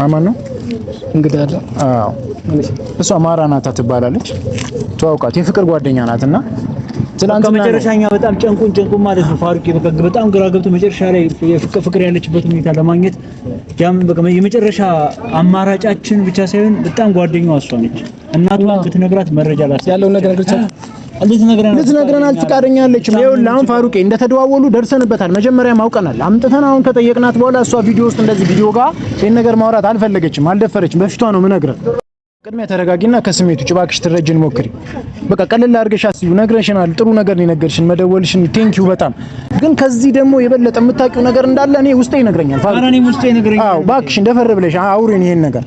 ማማን ነው እንግዳ አለ። አዎ እሷ ማራናታ ትባላለች። ተዋውቃት፣ የፍቅር ጓደኛ ናትና ትላንት ትላንትና መጨረሻኛ በጣም ጨንቁን ጨንቁን ማለት ነው ፋሩቅ በጣም ግራ ገብቶ መጨረሻ ላይ የፍቅር ፍቅር ያለችበት ሁኔታ ለማግኘት ያም በቃ የመጨረሻ አማራጫችን ብቻ ሳይሆን በጣም ጓደኛዋ እሷ ነች። እናቷ ብትነግራት መረጃ ላስ ያለው ነገር ልትነግረን አልፈቃደኛለችም። ይኸውልህ አሁን ፋሩቄ እንደተደዋወሉ ደርሰንበታል። መጀመሪያ አውቀናል። አምጥተን አሁን ከጠየቅናት በኋላ እሷ ቪዲዮ ውስጥ እንደዚህ ቪዲዮ ጋር ይሄን ነገር ማውራት አልፈለገችም፣ አልደፈረችም። በፊቷ ነው የምነግረን። ቅድሚያ ተረጋጊና ከስሜቱ ውጭ እባክሽ ትረጅን ሞክሪ። በቃ ቀለል አድርገሽ አስዩ። ነግረሽናል፣ ጥሩ ነገር ነው የነገርሽን፣ መደወልሽን ቴንኪው በጣም ግን ከዚህ ደግሞ የበለጠ የምታውቂው ነገር እንዳለ እኔ ውስጤ ይነግረኛል። አዎ እባክሽ እንደፈር ብለሽ አውሪን ይሄን ነገር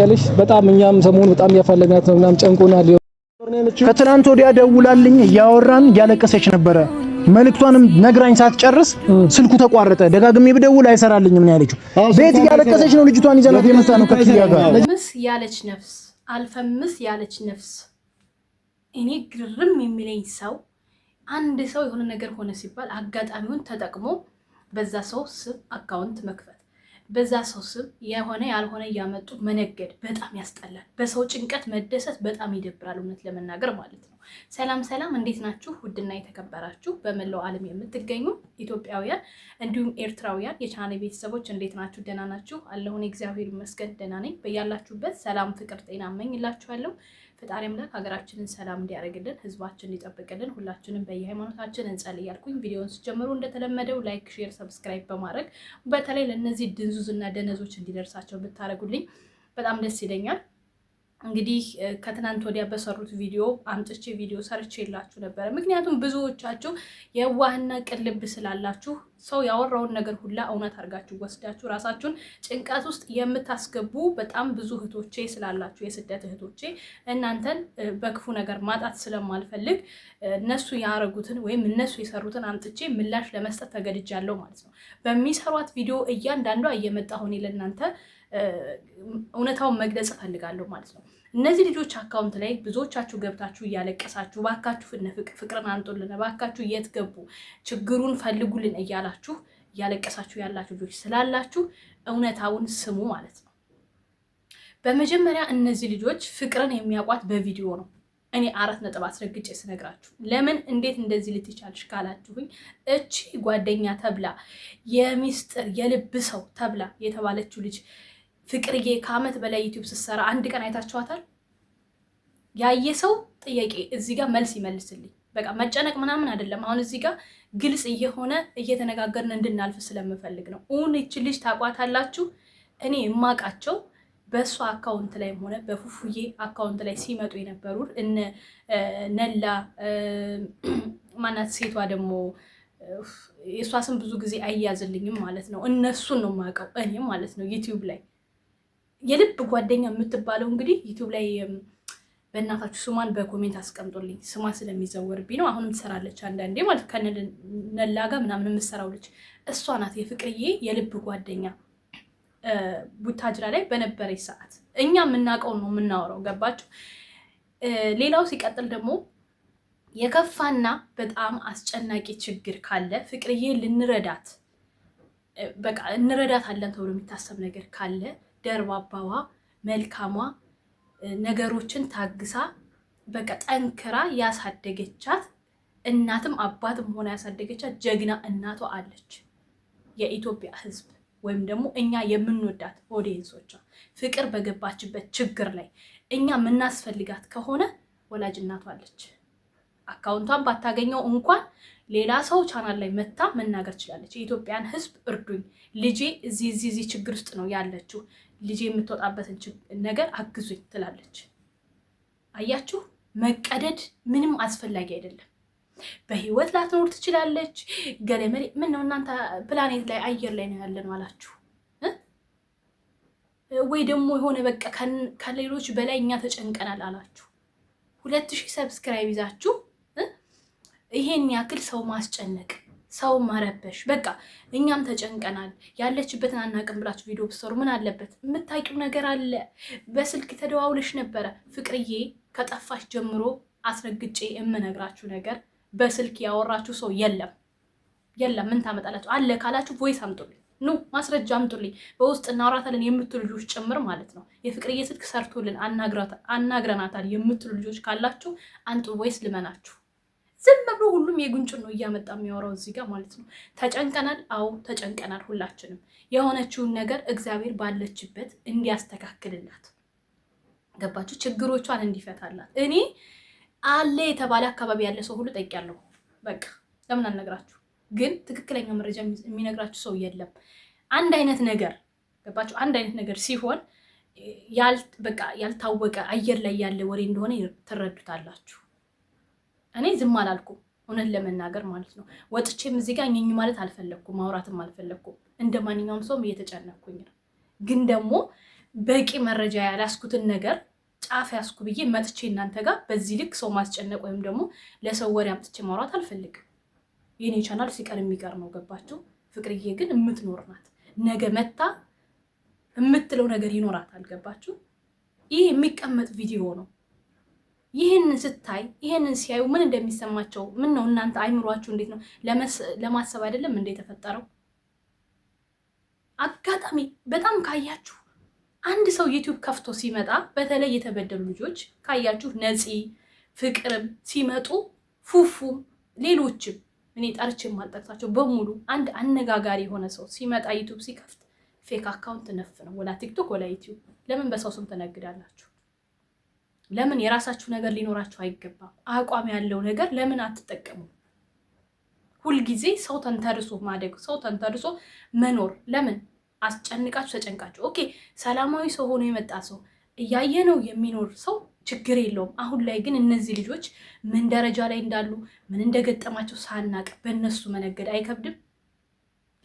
ያለሽ። በጣም እኛም ሰሞኑን በጣም ያፋለግናት ነው ምናምን ጨንቆናል። ከትናንት ወዲያ ደውላልኝ እያወራን እያለቀሰች ነበረ። መልእክቷንም ነግራኝ ሳትጨርስ ስልኩ ተቋረጠ። ደጋግሜ ብደውል አይሰራልኝም ነው ያለችው። ቤት እያለቀሰች ነው ልጅቷን ይዘናት የመጣ ነው። ከኪያ ጋር ምስ ያለች ነፍስ አልፈምስ ያለች ነፍስ። እኔ ግርም የሚለኝ ሰው አንድ ሰው የሆነ ነገር ሆነ ሲባል አጋጣሚውን ተጠቅሞ በዛ ሰው ስም አካውንት መክፈል በዛ ሰው ስም የሆነ ያልሆነ እያመጡ መነገድ በጣም ያስጠላል። በሰው ጭንቀት መደሰት በጣም ይደብራል፣ እውነት ለመናገር ማለት ነው። ሰላም ሰላም፣ እንዴት ናችሁ? ውድና የተከበራችሁ በመላው ዓለም የምትገኙ ኢትዮጵያውያን እንዲሁም ኤርትራውያን የቻነ ቤተሰቦች እንዴት ናችሁ? ደህና ናችሁ? አለሁን? እግዚአብሔር ይመስገን ደህና ነኝ። በያላችሁበት ሰላም፣ ፍቅር፣ ጤና እመኝላችኋለሁ። ፈጣሪ አምላክ ሀገራችንን ሰላም እንዲያደርግልን፣ ህዝባችን እንዲጠብቅልን ሁላችንም በየሃይማኖታችን እንጸል እያልኩኝ ቪዲዮውን ስጀምሩ እንደተለመደው ላይክ፣ ሼር፣ ሰብስክራይብ በማድረግ በተለይ ለእነዚህ ድንዙዝ እና ደነዞች እንዲደርሳቸው ብታደርጉልኝ በጣም ደስ ይለኛል። እንግዲህ ከትናንት ወዲያ በሰሩት ቪዲዮ አምጥቼ ቪዲዮ ሰርቼ የላችሁ ነበረ። ምክንያቱም ብዙዎቻችሁ የዋህና ቅልብ ስላላችሁ ሰው ያወራውን ነገር ሁላ እውነት አድርጋችሁ ወስዳችሁ ራሳችሁን ጭንቀት ውስጥ የምታስገቡ በጣም ብዙ እህቶቼ ስላላችሁ የስደት እህቶቼ እናንተን በክፉ ነገር ማጣት ስለማልፈልግ እነሱ ያረጉትን ወይም እነሱ የሰሩትን አምጥቼ ምላሽ ለመስጠት ተገድጃለሁ ማለት ነው። በሚሰሯት ቪዲዮ እያንዳንዷ እየመጣ ሆኔ ለእናንተ እውነታውን መግለጽ እፈልጋለሁ ማለት ነው። እነዚህ ልጆች አካውንት ላይ ብዙዎቻችሁ ገብታችሁ እያለቀሳችሁ ባካችሁ ፍቅርን አንጦልን ባካችሁ የት ገቡ ችግሩን ፈልጉልን እያላችሁ እያለቀሳችሁ ያላችሁ ልጆች ስላላችሁ እውነታውን ስሙ ማለት ነው። በመጀመሪያ እነዚህ ልጆች ፍቅርን የሚያውቋት በቪዲዮ ነው። እኔ አራት ነጥብ አስረግጬ ስነግራችሁ ለምን እንዴት እንደዚህ ልትቻልሽ ካላችሁኝ፣ እቺ ጓደኛ ተብላ የሚስጥር የልብ ሰው ተብላ የተባለችው ልጅ ፍቅርዬ ከአመት በላይ ዩቲዩብ ስትሰራ አንድ ቀን አይታችኋታል? ያየ ሰው ጥያቄ እዚህ ጋር መልስ ይመልስልኝ። በቃ መጨነቅ ምናምን አይደለም። አሁን እዚህ ጋር ግልጽ እየሆነ እየተነጋገርን እንድናልፍ ስለምፈልግ ነው። እውን ይች ልጅ ታቋታላችሁ። እኔ የማውቃቸው በእሷ አካውንት ላይም ሆነ በፉፉዬ አካውንት ላይ ሲመጡ የነበሩ እነ ነላ ማናት ሴቷ ደግሞ የእሷ ስም ብዙ ጊዜ አያዝልኝም ማለት ነው። እነሱን ነው የማውቀው እኔ ማለት ነው ዩቲዩብ ላይ የልብ ጓደኛ የምትባለው እንግዲህ ዩቱብ ላይ በእናታችሁ ስሟን በኮሜንት አስቀምጦልኝ ስሟ ስለሚዘወርብኝ ነው። አሁንም ትሰራለች አንዳንዴ ማለት ከነላጋ ምናምን የምትሰራው ልጅ እሷ ናት የፍቅርዬ የልብ ጓደኛ። ቡታጅራ ላይ በነበረች ሰዓት እኛ የምናውቀው ነው የምናወራው። ገባችሁ? ሌላው ሲቀጥል ደግሞ የከፋና በጣም አስጨናቂ ችግር ካለ ፍቅርዬ ልንረዳት በቃ እንረዳት አለን ተብሎ የሚታሰብ ነገር ካለ ደርባባዋ መልካሟ ነገሮችን ታግሳ በቃ ጠንክራ ያሳደገቻት እናትም አባትም ሆና ያሳደገቻት ጀግና እናቷ አለች። የኢትዮጵያ ሕዝብ ወይም ደግሞ እኛ የምንወዳት ኦዲየንሶቿ ፍቅር በገባችበት ችግር ላይ እኛ የምናስፈልጋት ከሆነ ወላጅ እናቷ አለች። አካውንቷን ባታገኘው እንኳን ሌላ ሰው ቻናል ላይ መታ መናገር ችላለች። የኢትዮጵያን ህዝብ እርዱኝ፣ ልጄ እዚህ እዚህ ችግር ውስጥ ነው ያለችው ልጅ የምትወጣበትን ነገር አግዙኝ ትላለች። አያችሁ፣ መቀደድ ምንም አስፈላጊ አይደለም። በህይወት ላትኖር ትችላለች። ገለመሌ ምን ነው እናንተ ፕላኔት ላይ አየር ላይ ነው ያለን አላችሁ ወይ ደግሞ የሆነ በቃ ከሌሎች በላይ እኛ ተጨንቀናል አላችሁ። ሁለት ሺህ ሰብስክራይብ ይዛችሁ ይሄን ያክል ሰው ማስጨነቅ ሰው መረበሽ በቃ እኛም ተጨንቀናል፣ ያለችበትን አናቅም ብላችሁ ቪዲዮ ብትሰሩ ምን አለበት? የምታውቂው ነገር አለ። በስልክ ተደዋውለሽ ነበረ ፍቅርዬ። ከጠፋሽ ጀምሮ አስረግጬ የምነግራችሁ ነገር በስልክ ያወራችሁ ሰው የለም የለም። ምን ታመጣላችሁ? አለ ካላችሁ ቮይስ አምጡልኝ፣ ኑ ማስረጃ አምጡልኝ። በውስጥ እናወራታለን የምትሉ ልጆች ጭምር ማለት ነው። የፍቅርዬ ስልክ ሰርቶልን አናግረናታል የምትሉ ልጆች ካላችሁ አንጡ፣ ቮይስ ልመናችሁ ዝም ብሎ ሁሉም የጉንጩን ነው እያመጣ የሚያወራው እዚህ ጋር ማለት ነው። ተጨንቀናል። አዎ ተጨንቀናል። ሁላችንም የሆነችውን ነገር እግዚአብሔር ባለችበት እንዲያስተካክልላት ገባችሁ? ችግሮቿን እንዲፈታላት እኔ አለ የተባለ አካባቢ ያለ ሰው ሁሉ ጠይቄያለሁ። በቃ ለምን አልነግራችሁ? ግን ትክክለኛ መረጃ የሚነግራችሁ ሰው የለም። አንድ አይነት ነገር ገባችሁ? አንድ አይነት ነገር ሲሆን በቃ ያልታወቀ አየር ላይ ያለ ወሬ እንደሆነ ትረዱታላችሁ። እኔ ዝም አላልኩም፣ እውነት ለመናገር ማለት ነው። ወጥቼም እዚህ ጋር እኘኝ ማለት አልፈለግኩም፣ ማውራትም አልፈለግኩም። እንደ ማንኛውም ሰውም እየተጨነኩኝ ነው። ግን ደግሞ በቂ መረጃ ያላስኩትን ነገር ጫፍ ያስኩ ብዬ መጥቼ እናንተ ጋር በዚህ ልክ ሰው ማስጨነቅ ወይም ደግሞ ለሰው ወሬ አምጥቼ ማውራት አልፈልግም። የኔ ቻናል ሲቀር የሚቀር ነው። ገባችሁ? ፍቅርዬ ግን የምትኖር ናት። ነገ መታ የምትለው ነገር ይኖራታል። ገባችሁ? ይህ የሚቀመጥ ቪዲዮ ነው። ይህንን ስታይ ይህንን ሲያዩ ምን እንደሚሰማቸው ምን ነው እናንተ አይምሯችሁ እንዴት ነው ለማሰብ አይደለም እንደ የተፈጠረው አጋጣሚ በጣም ካያችሁ አንድ ሰው ዩቲዩብ ከፍቶ ሲመጣ በተለይ የተበደሉ ልጆች ካያችሁ ነፂ ፍቅርም ሲመጡ ፉፉም ሌሎችም እኔ ጠርቼ የማልጠቅሳቸው በሙሉ አንድ አነጋጋሪ የሆነ ሰው ሲመጣ ዩቲዩብ ሲከፍት ፌክ አካውንት ነፍ ነው ወላ ቲክቶክ ወላ ዩቲዩብ ለምን በሰው ስም ትነግዳላችሁ ለምን የራሳችሁ ነገር ሊኖራችሁ አይገባም? አቋም ያለው ነገር ለምን አትጠቀሙ? ሁልጊዜ ሰው ተንተርሶ ማደግ፣ ሰው ተንተርሶ መኖር ለምን አስጨንቃችሁ ተጨንቃችሁ። ኦኬ ሰላማዊ ሰው ሆኖ የመጣ ሰው እያየነው የሚኖር ሰው ችግር የለውም። አሁን ላይ ግን እነዚህ ልጆች ምን ደረጃ ላይ እንዳሉ ምን እንደገጠማቸው ሳናቅ በእነሱ መነገድ አይከብድም?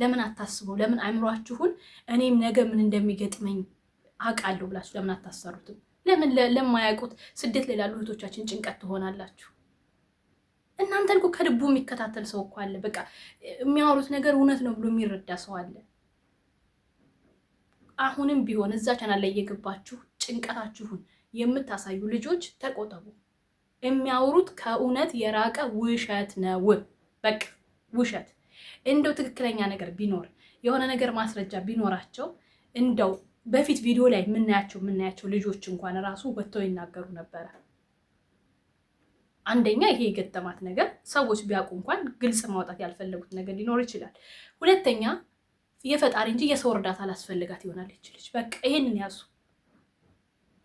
ለምን አታስበው? ለምን አይምሯችሁን እኔም ነገ ምን እንደሚገጥመኝ አውቃለሁ ብላችሁ ለምን አታሰሩትም? ለምን ለማያውቁት ስደት ላይ ላሉ እህቶቻችን ጭንቀት ትሆናላችሁ? እናንተን እኮ ከልቡ የሚከታተል ሰው እኮ አለ። በቃ የሚያወሩት ነገር እውነት ነው ብሎ የሚረዳ ሰው አለ። አሁንም ቢሆን እዛ ቻናል ላይ እየገባችሁ ጭንቀታችሁን የምታሳዩ ልጆች ተቆጠቡ። የሚያወሩት ከእውነት የራቀ ውሸት ነው። በቃ ውሸት። እንደው ትክክለኛ ነገር ቢኖር የሆነ ነገር ማስረጃ ቢኖራቸው እንደው በፊት ቪዲዮ ላይ የምናያቸው የምናያቸው ልጆች እንኳን ራሱ ወጥተው ይናገሩ ነበረ። አንደኛ ይሄ የገጠማት ነገር ሰዎች ቢያውቁ እንኳን ግልጽ ማውጣት ያልፈለጉት ነገር ሊኖር ይችላል። ሁለተኛ የፈጣሪ እንጂ የሰው እርዳታ ላስፈልጋት ይሆናል ልጅ። በቃ ይሄንን ያዙ።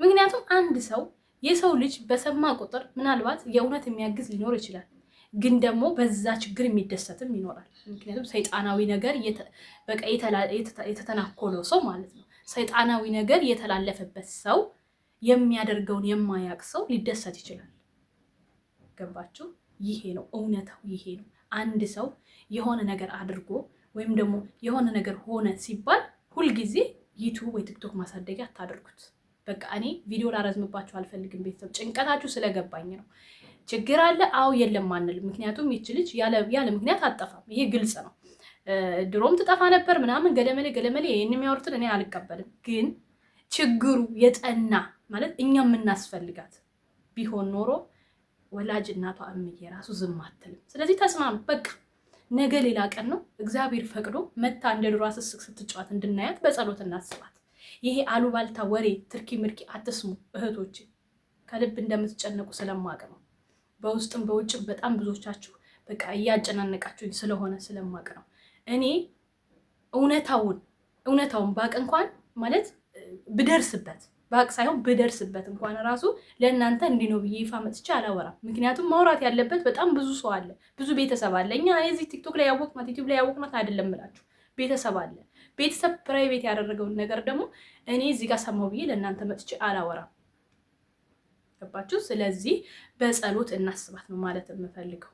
ምክንያቱም አንድ ሰው የሰው ልጅ በሰማ ቁጥር ምናልባት የእውነት የሚያግዝ ሊኖር ይችላል፣ ግን ደግሞ በዛ ችግር የሚደሰትም ይኖራል። ምክንያቱም ሰይጣናዊ ነገር በቃ የተተናኮለው ሰው ማለት ነው። ሰይጣናዊ ነገር የተላለፈበት ሰው የሚያደርገውን የማያቅ ሰው ሊደሰት ይችላል። ገባችሁ? ይሄ ነው እውነታው። ይሄ ነው አንድ ሰው የሆነ ነገር አድርጎ ወይም ደግሞ የሆነ ነገር ሆነ ሲባል ሁልጊዜ ዩቱብ ወይ ቲክቶክ ማሳደጊያ አታደርጉት። በቃ እኔ ቪዲዮ ላረዝምባችሁ አልፈልግም። ቤተሰብ ጭንቀታችሁ ስለገባኝ ነው። ችግር አለ? አዎ የለም አንልም። ምክንያቱም ይች ልጅ ያለ ምክንያት አጠፋም። ይሄ ግልጽ ነው። ድሮም ትጠፋ ነበር ምናምን ገለመሌ ገለመሌ ይህን የሚያወሩትን እኔ አልቀበልም። ግን ችግሩ የጠና ማለት እኛ የምናስፈልጋት ቢሆን ኖሮ ወላጅ እናቷ እምዬ ራሱ ዝም አትልም። ስለዚህ ተስማም በቃ ነገ ሌላ ቀን ነው። እግዚአብሔር ፈቅዶ መታ እንደ ድሮ ስስቅ ስትጫወት እንድናያት በጸሎት እናስባት። ይሄ አሉባልታ ወሬ ትርኪ ምርኪ አትስሙ እህቶች። ከልብ እንደምትጨነቁ ስለማቅ ነው። በውስጥም በውጭም በጣም ብዙዎቻችሁ በቃ እያጨናነቃችሁኝ ስለሆነ ስለማቅ ነው። እኔ እውነታውን እውነታውን ባቅ እንኳን ማለት ብደርስበት ባቅ ሳይሆን ብደርስበት እንኳን ራሱ ለእናንተ እንዲህ ነው ብዬ ይፋ መጥቼ አላወራም። ምክንያቱም ማውራት ያለበት በጣም ብዙ ሰው አለ፣ ብዙ ቤተሰብ አለ። እኛ የዚህ ቲክቶክ ላይ ያወቅናት ዩቲዩብ ላይ ያወቅናት አይደለም እላችሁ፣ ቤተሰብ አለ። ቤተሰብ ፕራይቬት ያደረገውን ነገር ደግሞ እኔ እዚህ ጋር ሰማው ብዬ ለእናንተ መጥቼ አላወራም። ገባችሁ? ስለዚህ በጸሎት እናስባት ነው ማለት የምፈልገው።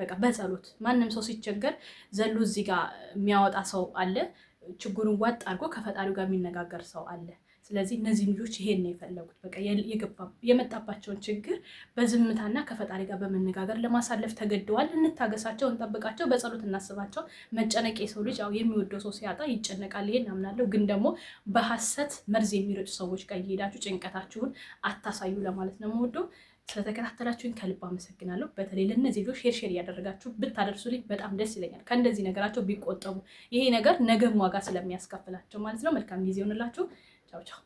በቃ በጸሎት ማንም ሰው ሲቸገር ዘሎ እዚህ ጋር የሚያወጣ ሰው አለ። ችግሩን ዋጥ አድርጎ ከፈጣሪው ጋር የሚነጋገር ሰው አለ። ስለዚህ እነዚህ ልጆች ይሄን ነው የፈለጉት። በቃ የመጣባቸውን ችግር በዝምታና ከፈጣሪ ጋር በመነጋገር ለማሳለፍ ተገደዋል። እንታገሳቸው፣ እንጠብቃቸው፣ በጸሎት እናስባቸው። መጨነቅ የሰው ልጅ ያው የሚወደው ሰው ሲያጣ ይጨነቃል። ይሄን አምናለሁ። ግን ደግሞ በሀሰት መርዝ የሚረጩ ሰዎች ጋር እየሄዳችሁ ጭንቀታችሁን አታሳዩ ለማለት ነው የምወደው። ስለተከታተላችሁኝ ከልብ አመሰግናለሁ። በተለይ ለእነዚህ ልጆች ሼር ሼር እያደረጋችሁ ብታደርሱልኝ በጣም ደስ ይለኛል። ከእንደዚህ ነገራቸው ቢቆጠቡ ይሄ ነገር ነገም ዋጋ ስለሚያስከፍላቸው ማለት ነው። መልካም ጊዜ ይሆንላችሁ። ቻው ቻው።